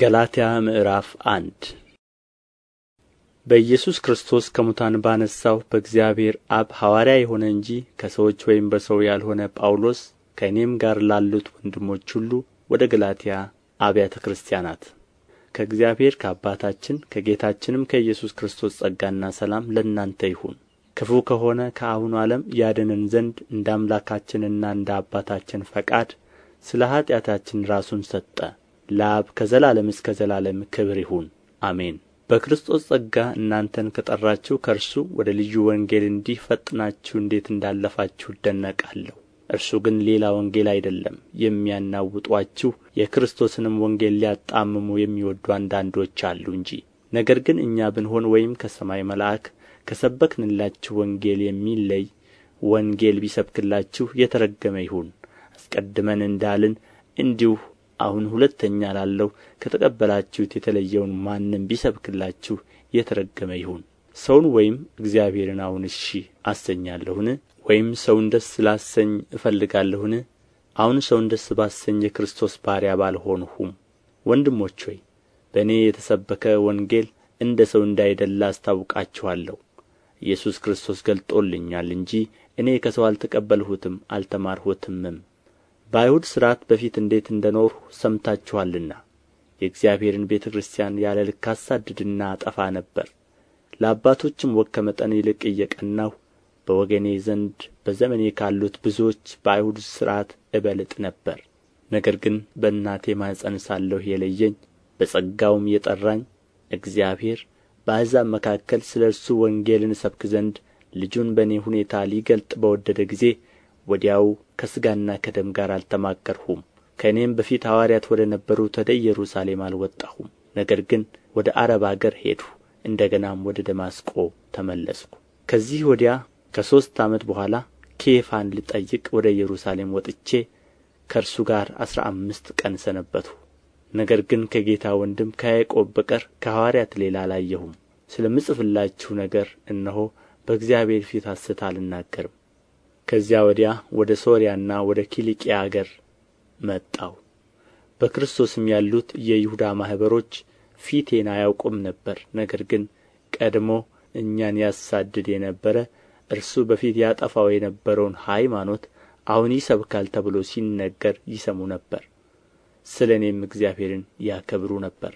ገላትያ ምዕራፍ አንድ በኢየሱስ ክርስቶስ ከሙታን ባነሣው በእግዚአብሔር አብ ሐዋርያ የሆነ እንጂ ከሰዎች ወይም በሰው ያልሆነ ጳውሎስ ከእኔም ጋር ላሉት ወንድሞች ሁሉ ወደ ገላትያ አብያተ ክርስቲያናት ከእግዚአብሔር ከአባታችን ከጌታችንም ከኢየሱስ ክርስቶስ ጸጋና ሰላም ለእናንተ ይሁን። ክፉ ከሆነ ከአሁኑ ዓለም ያድነን ዘንድ እንደ አምላካችንና እንደ አባታችን ፈቃድ ስለ ኀጢአታችን ራሱን ሰጠ ለአብ ከዘላለም እስከ ዘላለም ክብር ይሁን አሜን በክርስቶስ ጸጋ እናንተን ከጠራችሁ ከእርሱ ወደ ልዩ ወንጌል እንዲህ ፈጥናችሁ እንዴት እንዳለፋችሁ እደነቃለሁ እርሱ ግን ሌላ ወንጌል አይደለም የሚያናውጧችሁ የክርስቶስንም ወንጌል ሊያጣምሙ የሚወዱ አንዳንዶች አሉ እንጂ ነገር ግን እኛ ብንሆን ወይም ከሰማይ መልአክ ከሰበክንላችሁ ወንጌል የሚለይ ወንጌል ቢሰብክላችሁ የተረገመ ይሁን አስቀድመን እንዳልን እንዲሁ አሁን ሁለተኛ ላለው ከተቀበላችሁት የተለየውን ማንም ቢሰብክላችሁ የተረገመ ይሁን ሰውን ወይም እግዚአብሔርን አሁን እሺ አሰኛለሁን ወይም ሰውን ደስ ላሰኝ እፈልጋለሁን አሁን ሰውን ደስ ባሰኝ የክርስቶስ ባሪያ ባልሆንሁም ወንድሞች ሆይ በእኔ የተሰበከ ወንጌል እንደ ሰው እንዳይደለ አስታውቃችኋለሁ ኢየሱስ ክርስቶስ ገልጦልኛል እንጂ እኔ ከሰው አልተቀበልሁትም አልተማርሁትምም በአይሁድ ሥርዓት በፊት እንዴት እንደ ኖርሁ ሰምታችኋልና የእግዚአብሔርን ቤተ ክርስቲያን ያለ ልክ አሳድድና አጠፋ ነበር ለአባቶችም ወግ ከመጠን ይልቅ እየቀናሁ በወገኔ ዘንድ በዘመኔ ካሉት ብዙዎች በአይሁድ ሥርዓት እበልጥ ነበር። ነገር ግን በእናቴ ማኅፀን ሳለሁ የለየኝ በጸጋውም የጠራኝ እግዚአብሔር በአሕዛብ መካከል ስለ እርሱ ወንጌልን እሰብክ ዘንድ ልጁን በእኔ ሁኔታ ሊገልጥ በወደደ ጊዜ ወዲያው ከሥጋና ከደም ጋር አልተማከርሁም ከእኔም በፊት ሐዋርያት ወደ ነበሩት ወደ ኢየሩሳሌም አልወጣሁም ነገር ግን ወደ ዓረብ አገር ሄድሁ እንደ ገናም ወደ ደማስቆ ተመለስሁ ከዚህ ወዲያ ከሦስት ዓመት በኋላ ኬፋን ልጠይቅ ወደ ኢየሩሳሌም ወጥቼ ከእርሱ ጋር አሥራ አምስት ቀን ሰነበትሁ ነገር ግን ከጌታ ወንድም ከያዕቆብ በቀር ከሐዋርያት ሌላ አላየሁም ስለምጽፍላችሁ ነገር እነሆ በእግዚአብሔር ፊት ሐሰት አልናገርም ከዚያ ወዲያ ወደ ሶርያና ወደ ኪልቅያ አገር መጣሁ በክርስቶስም ያሉት የይሁዳ ማኅበሮች ፊቴን አያውቁም ነበር ነገር ግን ቀድሞ እኛን ያሳድድ የነበረ እርሱ በፊት ያጠፋው የነበረውን ሃይማኖት አሁን ይሰብካል ተብሎ ሲነገር ይሰሙ ነበር ስለ እኔም እግዚአብሔርን ያከብሩ ነበር